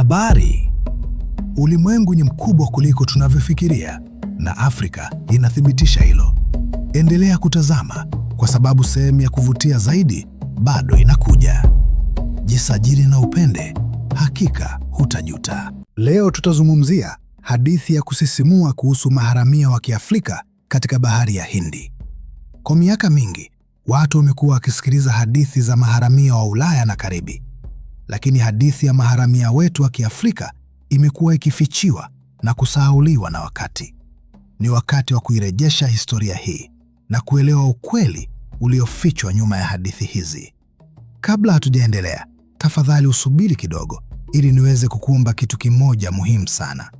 Habari. Ulimwengu ni mkubwa kuliko tunavyofikiria na Afrika inathibitisha hilo. Endelea kutazama kwa sababu sehemu ya kuvutia zaidi bado inakuja. Jisajili na upende, hakika hutajuta. Leo tutazungumzia hadithi ya kusisimua kuhusu maharamia wa Kiafrika katika bahari ya Hindi. Kwa miaka mingi, watu wamekuwa wakisikiliza hadithi za maharamia wa Ulaya na Karibi, lakini hadithi ya maharamia wetu wa Kiafrika imekuwa ikifichiwa na kusahauliwa na wakati. Ni wakati wa kuirejesha historia hii na kuelewa ukweli uliofichwa nyuma ya hadithi hizi. Kabla hatujaendelea, tafadhali usubiri kidogo ili niweze kukuomba kitu kimoja muhimu sana.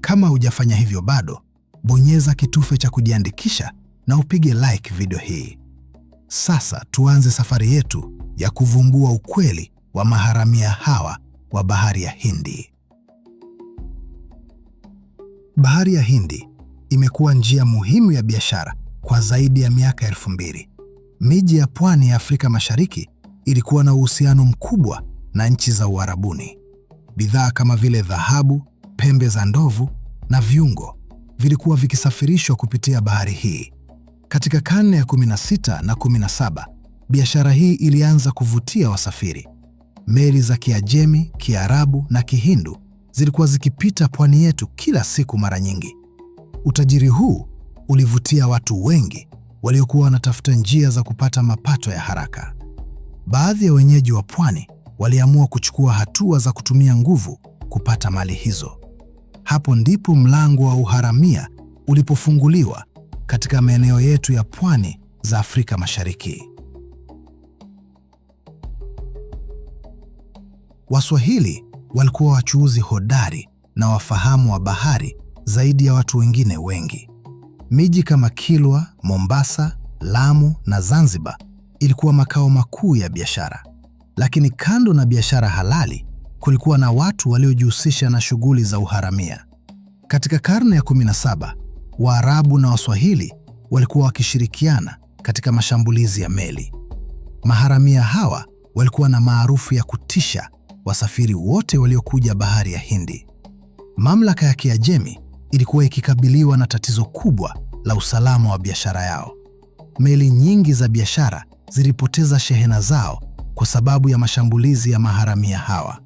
Kama hujafanya hivyo bado, bonyeza kitufe cha kujiandikisha na upige like video hii. Sasa tuanze safari yetu ya kuvumbua ukweli wa maharamia hawa wa Bahari ya Hindi. Bahari ya Hindi imekuwa njia muhimu ya biashara kwa zaidi ya miaka elfu mbili. Miji ya pwani ya Afrika Mashariki ilikuwa na uhusiano mkubwa na nchi za Uarabuni. Bidhaa kama vile dhahabu, pembe za ndovu na viungo vilikuwa vikisafirishwa kupitia bahari hii. Katika karne ya 16 na 17, biashara hii ilianza kuvutia wasafiri meli za Kiajemi, Kiarabu na Kihindu zilikuwa zikipita pwani yetu kila siku mara nyingi. Utajiri huu ulivutia watu wengi waliokuwa wanatafuta njia za kupata mapato ya haraka. Baadhi ya wenyeji wa pwani waliamua kuchukua hatua za kutumia nguvu kupata mali hizo. Hapo ndipo mlango wa uharamia ulipofunguliwa katika maeneo yetu ya pwani za Afrika Mashariki. Waswahili walikuwa wachuuzi hodari na wafahamu wa bahari zaidi ya watu wengine wengi. Miji kama Kilwa, Mombasa, Lamu na Zanzibar ilikuwa makao makuu ya biashara. Lakini kando na biashara halali, kulikuwa na watu waliojihusisha na shughuli za uharamia. Katika karne ya 17, Waarabu na Waswahili walikuwa wakishirikiana katika mashambulizi ya meli. Maharamia hawa walikuwa na maarufu ya kutisha wasafiri wote waliokuja bahari ya Hindi. Mamlaka ya Kiajemi ilikuwa ikikabiliwa na tatizo kubwa la usalama wa biashara yao. Meli nyingi za biashara zilipoteza shehena zao kwa sababu ya mashambulizi ya maharamia hawa.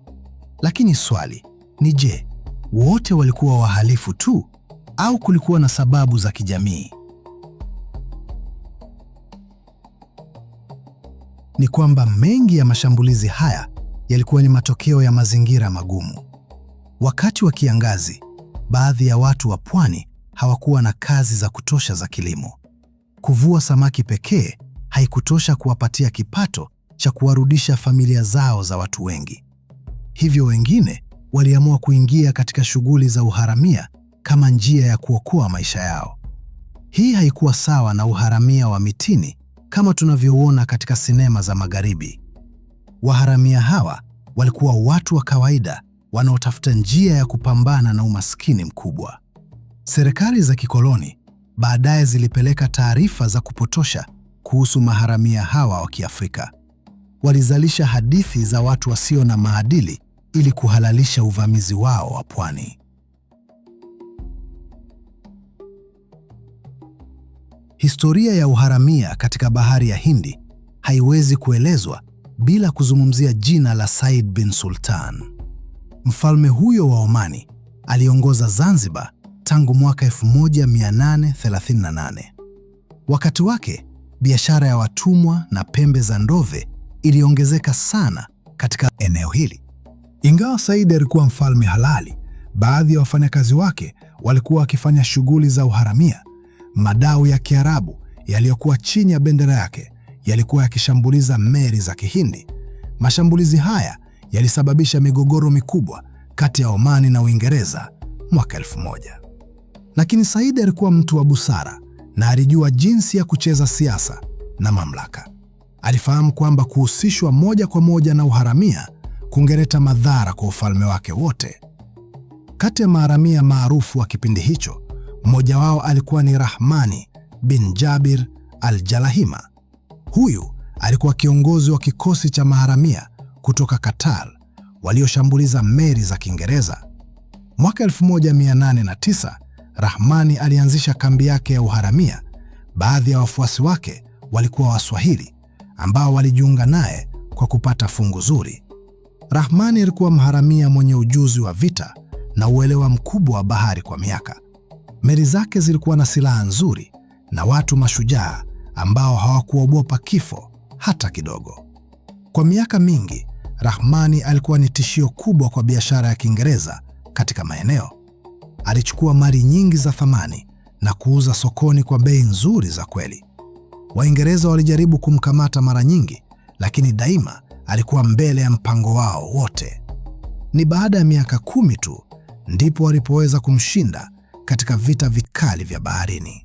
Lakini swali ni je, wote walikuwa wahalifu tu au kulikuwa na sababu za kijamii? Ni kwamba mengi ya mashambulizi haya yalikuwa ni matokeo ya mazingira magumu. Wakati wa kiangazi, baadhi ya watu wa pwani hawakuwa na kazi za kutosha za kilimo. Kuvua samaki pekee haikutosha kuwapatia kipato cha kuwarudisha familia zao za watu wengi. Hivyo wengine waliamua kuingia katika shughuli za uharamia kama njia ya kuokoa maisha yao. Hii haikuwa sawa na uharamia wa mitini kama tunavyoona katika sinema za Magharibi. Waharamia hawa walikuwa watu wa kawaida wanaotafuta njia ya kupambana na umaskini mkubwa. Serikali za kikoloni baadaye zilipeleka taarifa za kupotosha kuhusu maharamia hawa wa Kiafrika. Walizalisha hadithi za watu wasio na maadili ili kuhalalisha uvamizi wao wa pwani. Historia ya uharamia katika Bahari ya Hindi haiwezi kuelezwa bila kuzungumzia jina la Said bin Sultan. Mfalme huyo wa Omani aliongoza Zanzibar tangu mwaka 1838. Wakati wake, biashara ya watumwa na pembe za ndove iliongezeka sana katika eneo hili. Ingawa Said alikuwa mfalme halali, baadhi ya wafanyakazi wake walikuwa wakifanya shughuli za uharamia. Madau ya Kiarabu yaliyokuwa chini ya bendera yake yalikuwa yakishambuliza meli za Kihindi. Mashambulizi haya yalisababisha migogoro mikubwa kati ya Omani na Uingereza mwaka elfu moja. Lakini saidi alikuwa mtu wa busara na alijua jinsi ya kucheza siasa na mamlaka. Alifahamu kwamba kuhusishwa moja kwa moja na uharamia kungeleta madhara kwa ufalme wake wote. Kati ya maharamia maarufu wa kipindi hicho, mmoja wao alikuwa ni Rahmani bin Jabir al-Jalahima Huyu alikuwa kiongozi wa kikosi cha maharamia kutoka Qatar walioshambuliza meli za Kiingereza. Mwaka 1809 Rahmani alianzisha kambi yake ya uharamia. Baadhi ya wafuasi wake walikuwa Waswahili ambao walijiunga naye kwa kupata fungu zuri. Rahmani alikuwa mharamia mwenye ujuzi wa vita na uelewa mkubwa wa bahari. Kwa miaka, meli zake zilikuwa na silaha nzuri na watu mashujaa ambao hawakuogopa kifo hata kidogo. Kwa miaka mingi, Rahmani alikuwa ni tishio kubwa kwa biashara ya Kiingereza katika maeneo. Alichukua mali nyingi za thamani na kuuza sokoni kwa bei nzuri za kweli. Waingereza walijaribu kumkamata mara nyingi, lakini daima alikuwa mbele ya mpango wao wote. Ni baada ya miaka kumi tu ndipo walipoweza kumshinda katika vita vikali vya baharini.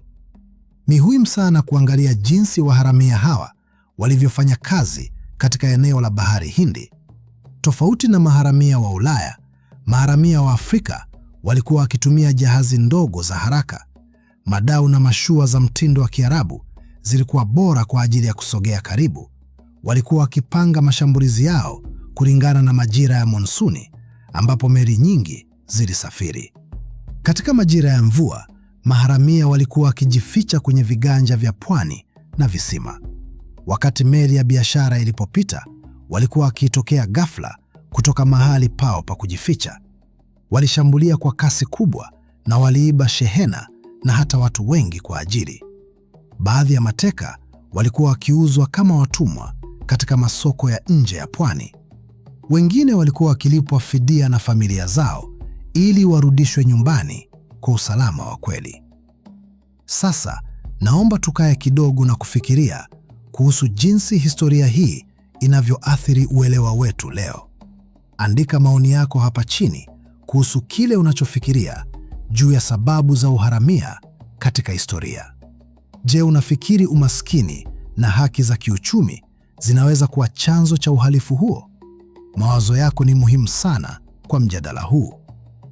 Ni muhimu sana kuangalia jinsi waharamia hawa walivyofanya kazi katika eneo la Bahari Hindi. Tofauti na maharamia wa Ulaya, maharamia wa Afrika walikuwa wakitumia jahazi ndogo za haraka. Madau na mashua za mtindo wa Kiarabu zilikuwa bora kwa ajili ya kusogea karibu. Walikuwa wakipanga mashambulizi yao kulingana na majira ya monsuni, ambapo meli nyingi zilisafiri. Katika majira ya mvua, maharamia walikuwa wakijificha kwenye viganja vya pwani na visima. Wakati meli ya biashara ilipopita, walikuwa wakitokea ghafla kutoka mahali pao pa kujificha. Walishambulia kwa kasi kubwa na waliiba shehena na hata watu wengi kwa ajili. Baadhi ya mateka walikuwa wakiuzwa kama watumwa katika masoko ya nje ya pwani. Wengine walikuwa wakilipwa fidia na familia zao ili warudishwe nyumbani kwa usalama wa kweli. Sasa naomba tukae kidogo na kufikiria kuhusu jinsi historia hii inavyoathiri uelewa wetu leo. Andika maoni yako hapa chini kuhusu kile unachofikiria juu ya sababu za uharamia katika historia. Je, unafikiri umaskini na haki za kiuchumi zinaweza kuwa chanzo cha uhalifu huo? Mawazo yako ni muhimu sana kwa mjadala huu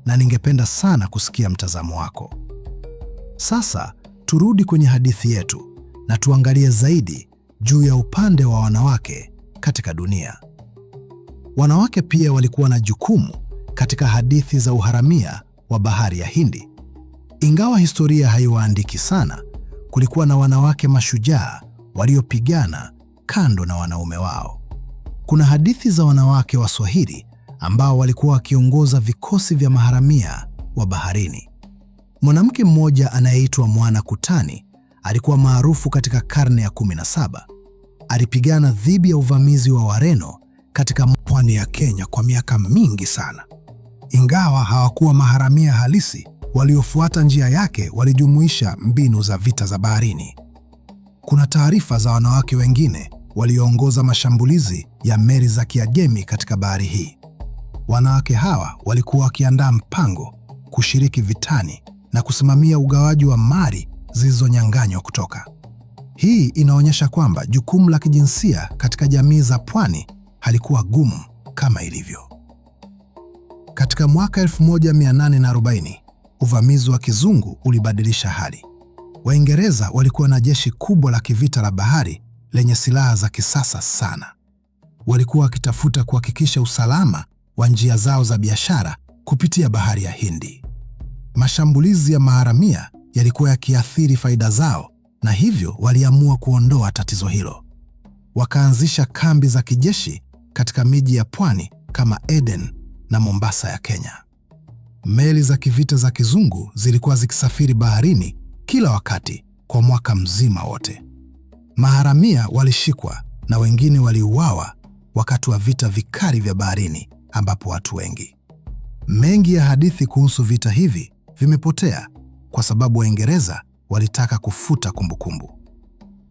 na ningependa sana kusikia mtazamo wako. Sasa turudi kwenye hadithi yetu na tuangalie zaidi juu ya upande wa wanawake katika dunia. Wanawake pia walikuwa na jukumu katika hadithi za uharamia wa Bahari ya Hindi. Ingawa historia haiwaandiki sana, kulikuwa na wanawake mashujaa waliopigana kando na wanaume wao. Kuna hadithi za wanawake Waswahili ambao walikuwa wakiongoza vikosi vya maharamia wa baharini. Mwanamke mmoja anayeitwa Mwana Kutani alikuwa maarufu katika karne ya 17. Alipigana dhidi ya uvamizi wa Wareno katika pwani ya Kenya kwa miaka mingi sana. Ingawa hawakuwa maharamia halisi, waliofuata njia yake walijumuisha mbinu za vita za baharini. Kuna taarifa za wanawake wengine walioongoza mashambulizi ya meli za Kiajemi katika bahari hii. Wanawake hawa walikuwa wakiandaa mpango, kushiriki vitani na kusimamia ugawaji wa mali zilizonyang'anywa kutoka. Hii inaonyesha kwamba jukumu la kijinsia katika jamii za pwani halikuwa gumu kama ilivyo. Katika mwaka 1840 uvamizi wa kizungu ulibadilisha hali. Waingereza walikuwa na jeshi kubwa la kivita la bahari lenye silaha za kisasa sana. Walikuwa wakitafuta kuhakikisha usalama wa njia zao za biashara kupitia bahari ya Hindi. Mashambulizi ya maharamia yalikuwa yakiathiri faida zao, na hivyo waliamua kuondoa tatizo hilo. Wakaanzisha kambi za kijeshi katika miji ya pwani kama Eden na Mombasa ya Kenya. Meli za kivita za kizungu zilikuwa zikisafiri baharini kila wakati kwa mwaka mzima wote. Maharamia walishikwa na wengine waliuawa wakati wa vita vikali vya baharini ambapo watu wengi mengi ya hadithi kuhusu vita hivi vimepotea kwa sababu Waingereza walitaka kufuta kumbukumbu kumbu.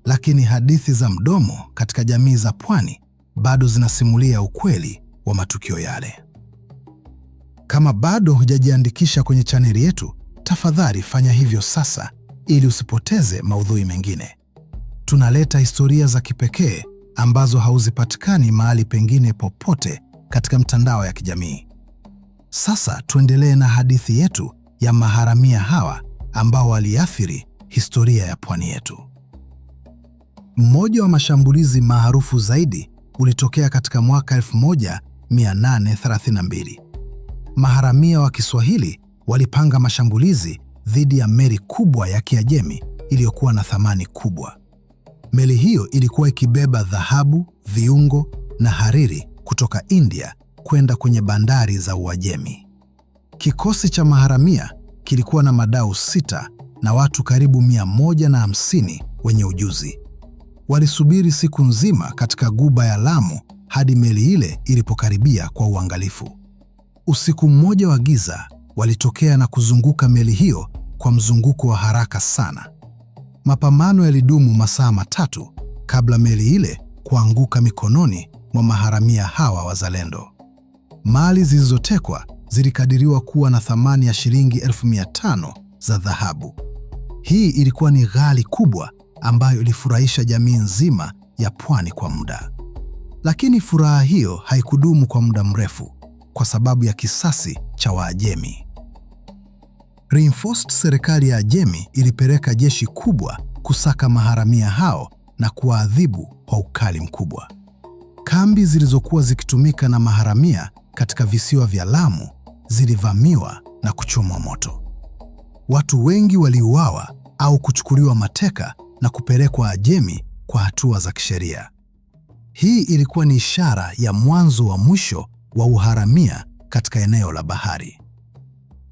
Lakini hadithi za mdomo katika jamii za pwani bado zinasimulia ukweli wa matukio yale. Kama bado hujajiandikisha kwenye chaneli yetu, tafadhali fanya hivyo sasa ili usipoteze maudhui mengine. Tunaleta historia za kipekee ambazo hauzipatikani mahali pengine popote katika mtandao ya kijamii. Sasa tuendelee na hadithi yetu ya maharamia hawa ambao waliathiri historia ya pwani yetu. Mmoja wa mashambulizi maarufu zaidi ulitokea katika mwaka 1832. Maharamia wa Kiswahili walipanga mashambulizi dhidi ya meli kubwa ya Kiajemi iliyokuwa na thamani kubwa. Meli hiyo ilikuwa ikibeba dhahabu, viungo na hariri kutoka India kwenda kwenye bandari za Uajemi. Kikosi cha maharamia kilikuwa na madau sita na watu karibu 150 wenye ujuzi. Walisubiri siku nzima katika guba ya Lamu hadi meli ile ilipokaribia kwa uangalifu. Usiku mmoja wa giza, walitokea na kuzunguka meli hiyo kwa mzunguko wa haraka sana. Mapambano yalidumu masaa matatu kabla meli ile kuanguka mikononi mwa maharamia hawa wazalendo. Mali zilizotekwa zilikadiriwa kuwa na thamani ya shilingi elfu mia tano za dhahabu. Hii ilikuwa ni ghali kubwa ambayo ilifurahisha jamii nzima ya pwani kwa muda, lakini furaha hiyo haikudumu kwa muda mrefu kwa sababu ya kisasi cha Waajemi. Reinforced serikali ya Ajemi ilipeleka jeshi kubwa kusaka maharamia hao na kuwaadhibu kwa ukali mkubwa. Kambi zilizokuwa zikitumika na maharamia katika visiwa vya Lamu zilivamiwa na kuchomwa moto. Watu wengi waliuawa au kuchukuliwa mateka na kupelekwa Ajemi kwa hatua za kisheria. Hii ilikuwa ni ishara ya mwanzo wa mwisho wa uharamia katika eneo la bahari.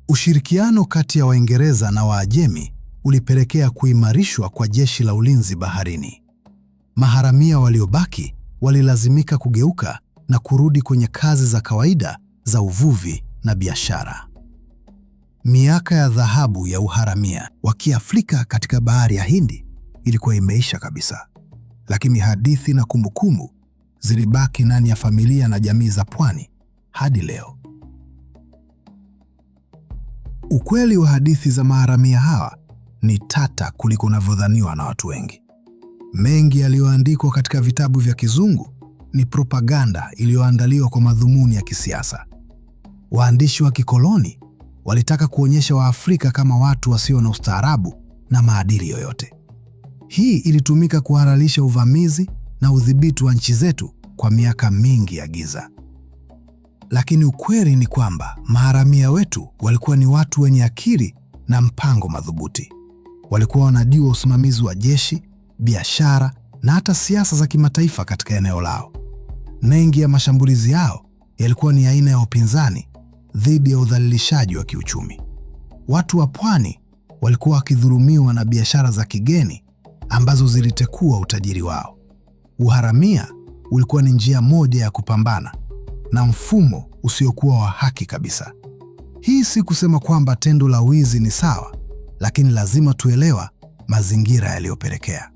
Ushirikiano kati ya Waingereza na Waajemi ulipelekea kuimarishwa kwa jeshi la ulinzi baharini. Maharamia waliobaki walilazimika kugeuka na kurudi kwenye kazi za kawaida za uvuvi na biashara. Miaka ya dhahabu ya uharamia wa Kiafrika katika bahari ya Hindi ilikuwa imeisha kabisa, lakini hadithi na kumbukumbu zilibaki ndani ya familia na jamii za pwani hadi leo. Ukweli wa hadithi za maharamia hawa ni tata kuliko unavyodhaniwa na watu wengi. Mengi yaliyoandikwa katika vitabu vya kizungu ni propaganda iliyoandaliwa kwa madhumuni ya kisiasa. Waandishi wa kikoloni walitaka kuonyesha Waafrika kama watu wasio na ustaarabu na maadili yoyote. Hii ilitumika kuhalalisha uvamizi na udhibiti wa nchi zetu kwa miaka mingi ya giza. Lakini ukweli ni kwamba maharamia wetu walikuwa ni watu wenye akili na mpango madhubuti. Walikuwa wanajua usimamizi wa jeshi, biashara na hata siasa za kimataifa katika eneo lao. Mengi ya mashambulizi yao yalikuwa ni aina ya upinzani dhidi ya udhalilishaji wa kiuchumi. Watu wa pwani walikuwa wakidhulumiwa na biashara za kigeni ambazo zilitekua utajiri wao. Uharamia ulikuwa ni njia moja ya kupambana na mfumo usiokuwa wa haki kabisa. Hii si kusema kwamba tendo la wizi ni sawa, lakini lazima tuelewa mazingira yaliyopelekea.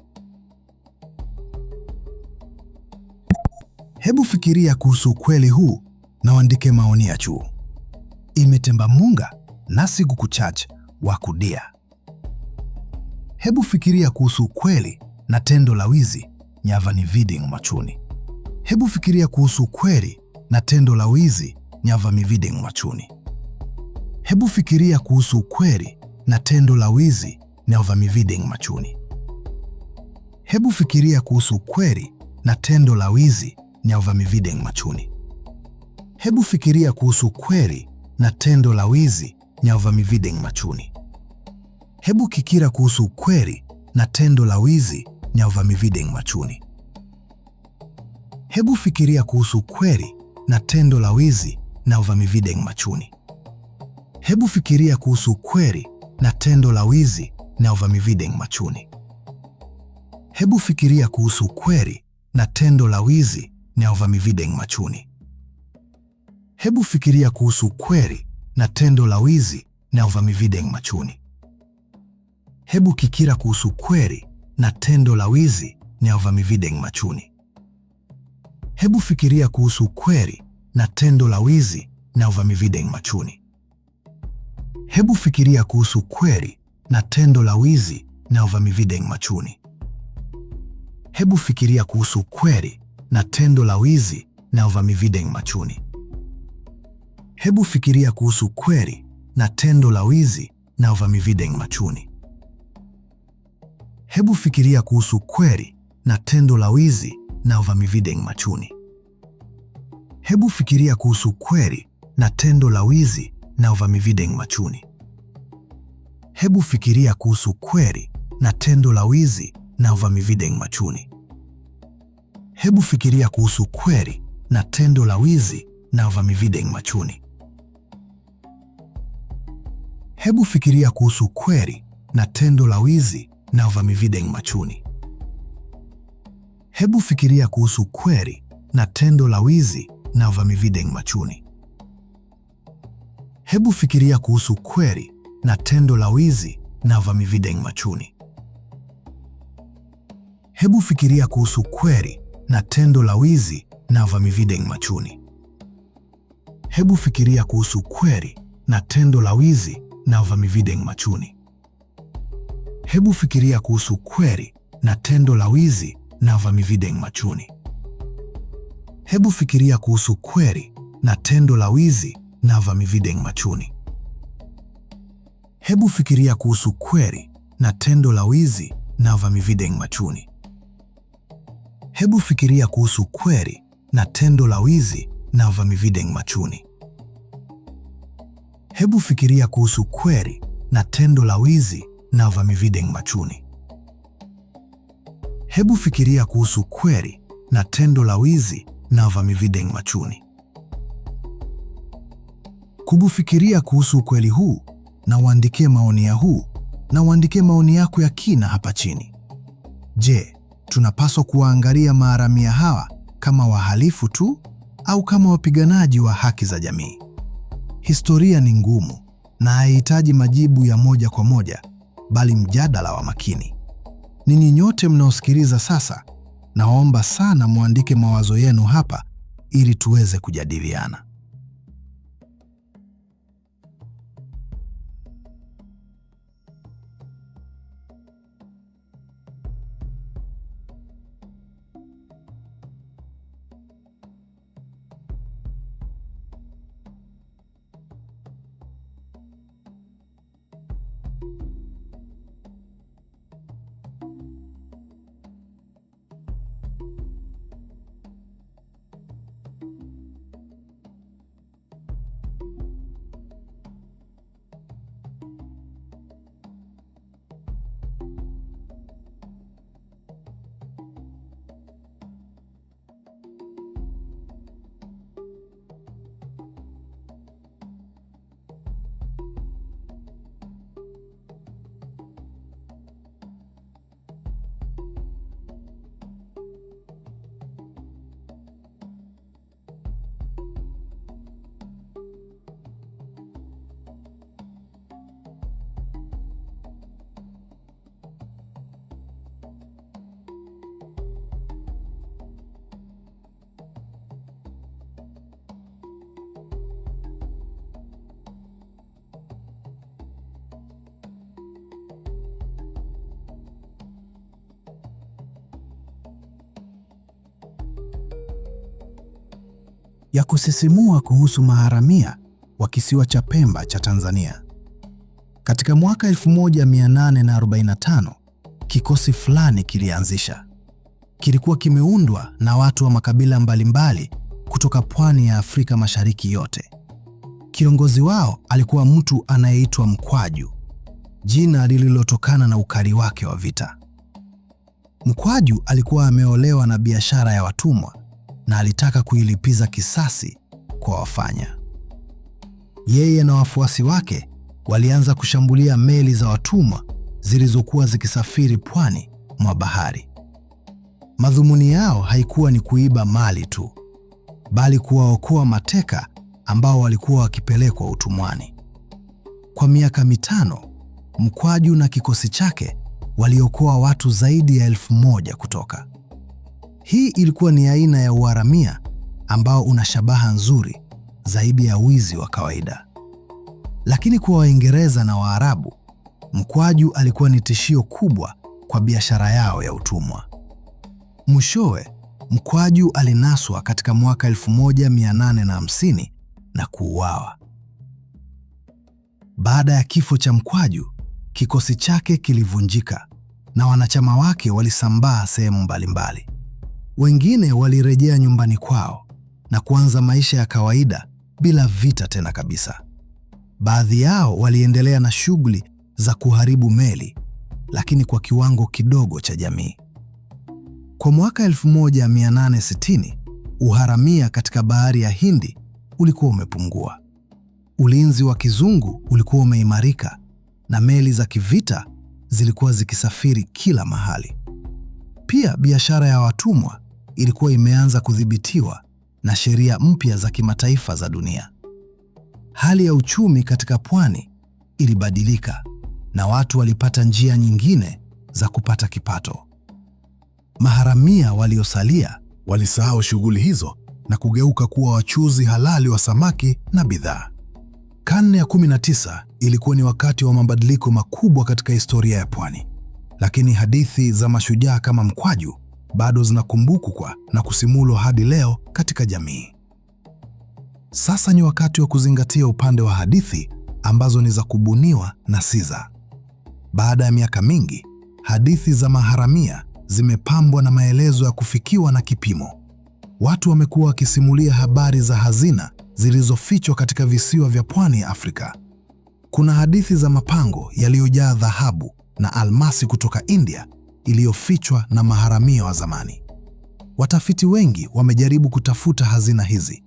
Hebu fikiria kuhusu ukweli huu na uandike maoni ya juu. Imetemba munga na siku kuchach wa kudia. Hebu fikiria kuhusu ukweli na tendo la wizi nyavani viding machuni. Hebu fikiria kuhusu ukweli na tendo la wizi nyavami viding machuni. Hebu fikiria kuhusu ukweli na tendo la wizi nyavami viding machuni. Hebu fikiria kuhusu ukweli na tendo la wizi Nyauvamirvideng machuni. Hebu fikiria kuhusu kweri na tendo la wizi Nyauvamirvideng machuni. Hebu kikira kuhusu kweri na tendo la wizi Nyauvamirvideng machuni. Hebu fikiria kuhusu kweri na tendo la wizi Nyauvamirvideng machuni. Hebu fikiria kuhusu kweri na tendo la wizi nyauvamividen machuni. Hebu fikiria kuhusu kweri na tendo la wizi Neovamividen machuni. Hebu fikiria kuhusu ukweli na tendo la wizi Neovamividen machuni. Hebu kikira kuhusu ukweli na tendo la wizi Neovamividen machuni. Hebu fikiria kuhusu ukweli na tendo la wizi Neovamividen machuni. Hebu fikiria kuhusu ukweli na tendo la wizi Neovamividen machuni. Hebu fikiria kuhusu ukweli na tendo la wizi na uvamizi machuni. Hebu fikiria kuhusu kweli na tendo la wizi na uvamizi Deng machuni. Hebu fikiria kuhusu kweli na tendo la wizi na uvamizi machuni. Hebu fikiria kuhusu kweli na tendo la wizi na uvamizi machuni. Hebu fikiria kuhusu kweli na tendo la wizi na uvamizi machuni. Hebu fikiria kuhusu kweri na tendo la wizi na vamivideng machuni Hebu fikiria kuhusu kweri na tendo la wizi na vamivideng machuni Hebu fikiria kuhusu kweri na tendo la wizi na vamivideng machuni Hebu fikiria kuhusu kweri na tendo la wizi na vamivideng machuni Hebu fikiria kuhusu kweri na tendo la wizi na Vamivideng machuni. Hebu fikiria kuhusu ukweli na tendo la wizi na Vamivideng machuni. Hebu fikiria kuhusu ukweli na tendo la wizi na Vamivideng machuni. Hebu fikiria kuhusu ukweli na tendo la wizi na Vamivideng machuni. Hebu fikiria kuhusu ukweli na tendo la wizi na Vamivideng machuni. Hebu fikiria kuhusu kweri na tendo la wizi na vamividen Machuni. Hebu fikiria kuhusu kweri na tendo la wizi na Vamivideng Machuni. Hebu fikiria kuhusu kweli na tendo la wizi na Vamivideng Machuni. Kubufikiria kuhusu ukweli huu na uandikie maoni ya huu na uandikie maoni yako ya kina hapa chini. Je, Tunapaswa kuwaangalia maharamia hawa kama wahalifu tu au kama wapiganaji wa haki za jamii? Historia ni ngumu na haihitaji majibu ya moja kwa moja, bali mjadala wa makini. Ninyi nyote mnaosikiliza sasa, naomba sana muandike mawazo yenu hapa ili tuweze kujadiliana. ya kusisimua kuhusu maharamia wa kisiwa cha Pemba cha Tanzania. Katika mwaka 1845 kikosi fulani kilianzisha. Kilikuwa kimeundwa na watu wa makabila mbalimbali kutoka pwani ya Afrika Mashariki yote. Kiongozi wao alikuwa mtu anayeitwa Mkwaju, jina lililotokana na ukali wake wa vita. Mkwaju alikuwa ameolewa na biashara ya watumwa na alitaka kuilipiza kisasi kwa wafanya. Yeye na wafuasi wake walianza kushambulia meli za watumwa zilizokuwa zikisafiri pwani mwa bahari. Madhumuni yao haikuwa ni kuiba mali tu, bali kuwaokoa mateka ambao walikuwa wakipelekwa utumwani. Kwa miaka mitano, Mkwaju na kikosi chake waliokoa watu zaidi ya elfu moja kutoka hii ilikuwa ni aina ya uharamia ambao una shabaha nzuri zaidi ya wizi wa kawaida. Lakini kwa Waingereza na Waarabu, mkwaju alikuwa ni tishio kubwa kwa biashara yao ya utumwa. Mwishowe, mkwaju alinaswa katika mwaka 1850 na, na kuuawa. Baada ya kifo cha mkwaju, kikosi chake kilivunjika na wanachama wake walisambaa sehemu mbalimbali. Wengine walirejea nyumbani kwao na kuanza maisha ya kawaida bila vita tena kabisa. Baadhi yao waliendelea na shughuli za kuharibu meli, lakini kwa kiwango kidogo cha jamii. Kwa mwaka 1860 uharamia katika bahari ya Hindi ulikuwa umepungua. Ulinzi wa kizungu ulikuwa umeimarika na meli za kivita zilikuwa zikisafiri kila mahali. Pia biashara ya watumwa ilikuwa imeanza kudhibitiwa na sheria mpya za kimataifa za dunia. Hali ya uchumi katika pwani ilibadilika na watu walipata njia nyingine za kupata kipato. Maharamia waliosalia walisahau shughuli hizo na kugeuka kuwa wachuzi halali wa samaki na bidhaa. Karne ya 19 ilikuwa ni wakati wa mabadiliko makubwa katika historia ya pwani, lakini hadithi za mashujaa kama Mkwaju bado zinakumbukwa na kusimulwa hadi leo katika jamii. Sasa ni wakati wa kuzingatia upande wa hadithi ambazo ni za kubuniwa na si za. Baada ya miaka mingi, hadithi za maharamia zimepambwa na maelezo ya kufikiwa na kipimo. Watu wamekuwa wakisimulia habari za hazina zilizofichwa katika visiwa vya pwani ya Afrika. Kuna hadithi za mapango yaliyojaa dhahabu na almasi kutoka India iliyofichwa na maharamia wa zamani. Watafiti wengi wamejaribu kutafuta hazina hizi,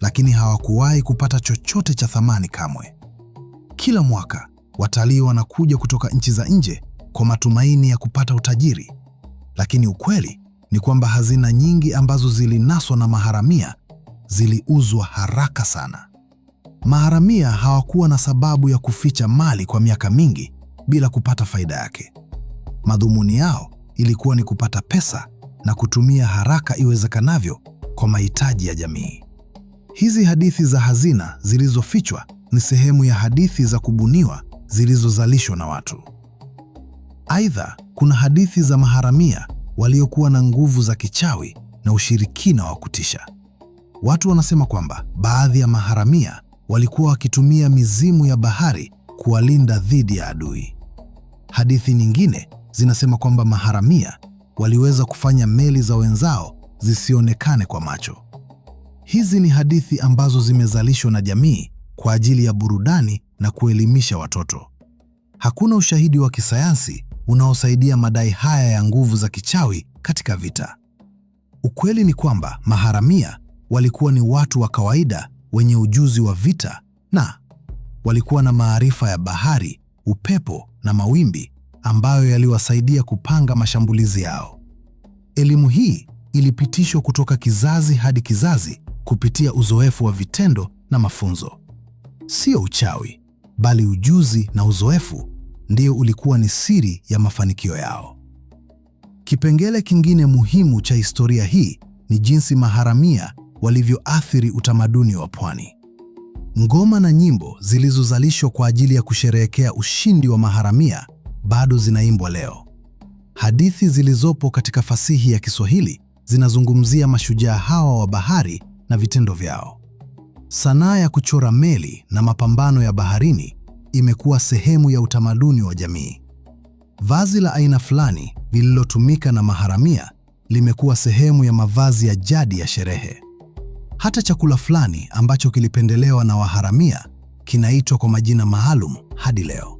lakini hawakuwahi kupata chochote cha thamani kamwe. Kila mwaka watalii wanakuja kutoka nchi za nje kwa matumaini ya kupata utajiri, lakini ukweli ni kwamba hazina nyingi ambazo zilinaswa na maharamia ziliuzwa haraka sana. Maharamia hawakuwa na sababu ya kuficha mali kwa miaka mingi bila kupata faida yake. Madhumuni yao ilikuwa ni kupata pesa na kutumia haraka iwezekanavyo kwa mahitaji ya jamii. Hizi hadithi za hazina zilizofichwa ni sehemu ya hadithi za kubuniwa zilizozalishwa na watu. Aidha, kuna hadithi za maharamia waliokuwa na nguvu za kichawi na ushirikina wa kutisha. Watu wanasema kwamba baadhi ya maharamia walikuwa wakitumia mizimu ya bahari kuwalinda dhidi ya adui. Hadithi nyingine zinasema kwamba maharamia waliweza kufanya meli za wenzao zisionekane kwa macho. Hizi ni hadithi ambazo zimezalishwa na jamii kwa ajili ya burudani na kuelimisha watoto. Hakuna ushahidi wa kisayansi unaosaidia madai haya ya nguvu za kichawi katika vita. Ukweli ni kwamba maharamia walikuwa ni watu wa kawaida wenye ujuzi wa vita na walikuwa na maarifa ya bahari, upepo na mawimbi ambayo yaliwasaidia kupanga mashambulizi yao. Elimu hii ilipitishwa kutoka kizazi hadi kizazi kupitia uzoefu wa vitendo na mafunzo. Sio uchawi, bali ujuzi na uzoefu ndio ulikuwa ni siri ya mafanikio yao. Kipengele kingine muhimu cha historia hii ni jinsi maharamia walivyoathiri utamaduni wa pwani. Ngoma na nyimbo zilizozalishwa kwa ajili ya kusherehekea ushindi wa maharamia bado zinaimbwa leo. Hadithi zilizopo katika fasihi ya Kiswahili zinazungumzia mashujaa hawa wa bahari na vitendo vyao. Sanaa ya kuchora meli na mapambano ya baharini imekuwa sehemu ya utamaduni wa jamii. Vazi la aina fulani lililotumika na maharamia limekuwa sehemu ya mavazi ya jadi ya sherehe. Hata chakula fulani ambacho kilipendelewa na waharamia kinaitwa kwa majina maalum hadi leo.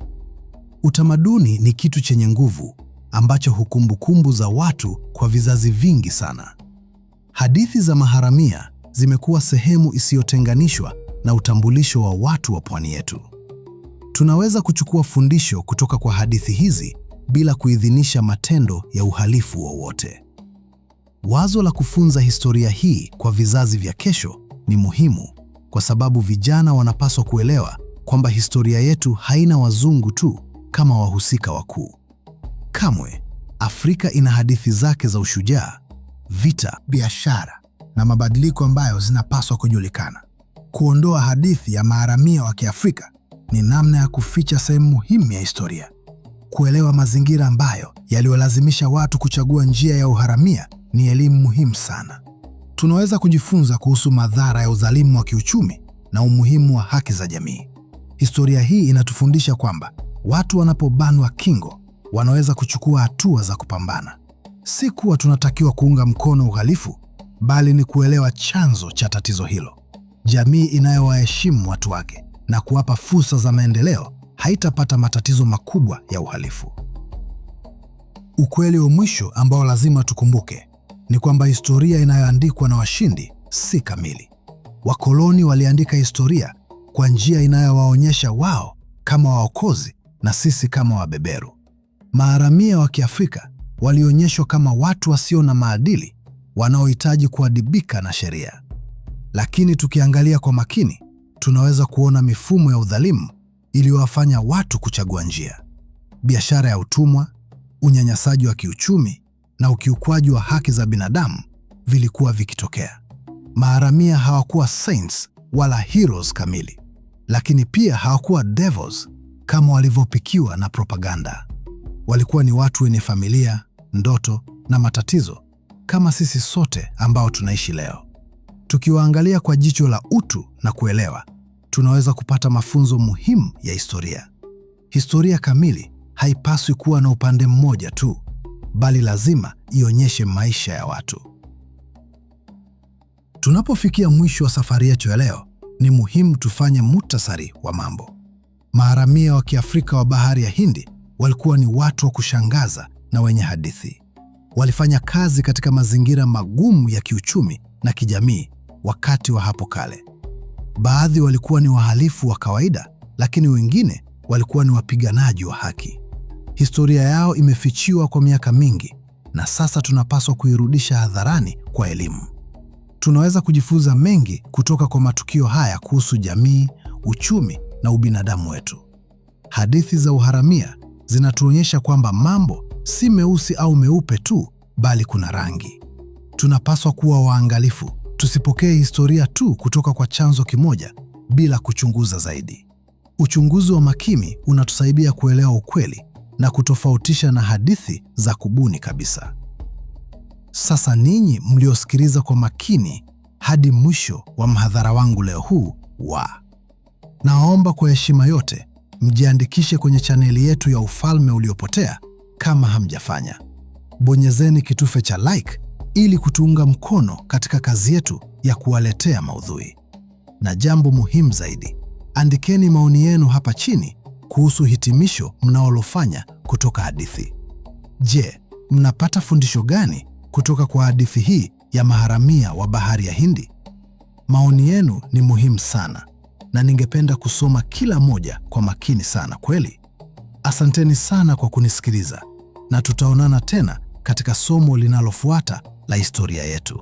Utamaduni ni kitu chenye nguvu ambacho hukumbukumbu za watu kwa vizazi vingi sana. Hadithi za maharamia zimekuwa sehemu isiyotenganishwa na utambulisho wa watu wa pwani yetu. Tunaweza kuchukua fundisho kutoka kwa hadithi hizi bila kuidhinisha matendo ya uhalifu wowote. Wazo la kufunza historia hii kwa vizazi vya kesho ni muhimu kwa sababu vijana wanapaswa kuelewa kwamba historia yetu haina wazungu tu, kama wahusika wakuu. Kamwe Afrika ina hadithi zake za ushujaa, vita, biashara na mabadiliko ambayo zinapaswa kujulikana. Kuondoa hadithi ya maharamia wa Kiafrika ni namna ya kuficha sehemu muhimu ya historia. Kuelewa mazingira ambayo yaliyolazimisha watu kuchagua njia ya uharamia ni elimu muhimu sana. Tunaweza kujifunza kuhusu madhara ya udhalimu wa kiuchumi na umuhimu wa haki za jamii. Historia hii inatufundisha kwamba Watu wanapobanwa kingo, wanaweza kuchukua hatua za kupambana. Si kuwa tunatakiwa kuunga mkono uhalifu, bali ni kuelewa chanzo cha tatizo hilo. Jamii inayowaheshimu watu wake na kuwapa fursa za maendeleo haitapata matatizo makubwa ya uhalifu. Ukweli wa mwisho ambao lazima tukumbuke ni kwamba historia inayoandikwa na washindi si kamili. Wakoloni waliandika historia kwa njia inayowaonyesha wao kama waokozi na sisi kama wabeberu. Maharamia wa Kiafrika walionyeshwa kama watu wasio na maadili wanaohitaji kuadibika na sheria. Lakini tukiangalia kwa makini, tunaweza kuona mifumo ya udhalimu iliyowafanya watu kuchagua njia: biashara ya utumwa, unyanyasaji wa kiuchumi na ukiukwaji wa haki za binadamu vilikuwa vikitokea. Maharamia hawakuwa saints wala heroes kamili, lakini pia hawakuwa devils kama walivyopikiwa na propaganda. Walikuwa ni watu wenye familia, ndoto na matatizo kama sisi sote ambao tunaishi leo. Tukiwaangalia kwa jicho la utu na kuelewa, tunaweza kupata mafunzo muhimu ya historia. Historia kamili haipaswi kuwa na upande mmoja tu, bali lazima ionyeshe maisha ya watu. Tunapofikia mwisho wa safari yetu ya leo, ni muhimu tufanye muhtasari wa mambo maharamia wa Kiafrika wa bahari ya Hindi walikuwa ni watu wa kushangaza na wenye hadithi. Walifanya kazi katika mazingira magumu ya kiuchumi na kijamii wakati wa hapo kale. Baadhi walikuwa ni wahalifu wa kawaida, lakini wengine walikuwa ni wapiganaji wa haki. Historia yao imefichiwa kwa miaka mingi, na sasa tunapaswa kuirudisha hadharani kwa elimu. Tunaweza kujifunza mengi kutoka kwa matukio haya kuhusu jamii, uchumi na ubinadamu wetu. Hadithi za uharamia zinatuonyesha kwamba mambo si meusi au meupe tu, bali kuna rangi. Tunapaswa kuwa waangalifu, tusipokee historia tu kutoka kwa chanzo kimoja bila kuchunguza zaidi. Uchunguzi wa makini unatusaidia kuelewa ukweli na kutofautisha na hadithi za kubuni kabisa. Sasa ninyi mliosikiliza kwa makini hadi mwisho wa mhadhara wangu leo huu wa Naomba kwa heshima yote mjiandikishe kwenye chaneli yetu ya Ufalme Uliopotea kama hamjafanya. Bonyezeni kitufe cha like ili kutuunga mkono katika kazi yetu ya kuwaletea maudhui. Na jambo muhimu zaidi, andikeni maoni yenu hapa chini kuhusu hitimisho mnaolofanya kutoka hadithi. Je, mnapata fundisho gani kutoka kwa hadithi hii ya maharamia wa Bahari ya Hindi? Maoni yenu ni muhimu sana na ningependa kusoma kila moja kwa makini sana kweli. Asanteni sana kwa kunisikiliza na tutaonana tena katika somo linalofuata la historia yetu.